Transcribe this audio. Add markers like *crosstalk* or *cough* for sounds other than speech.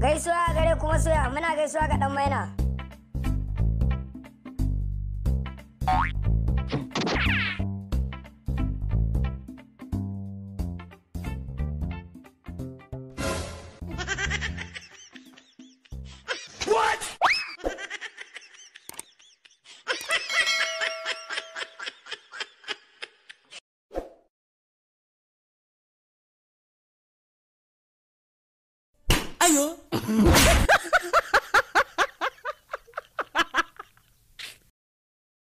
gaisuwa gare kuma soya muna gaisuwa ga dan maina Ayo. *laughs*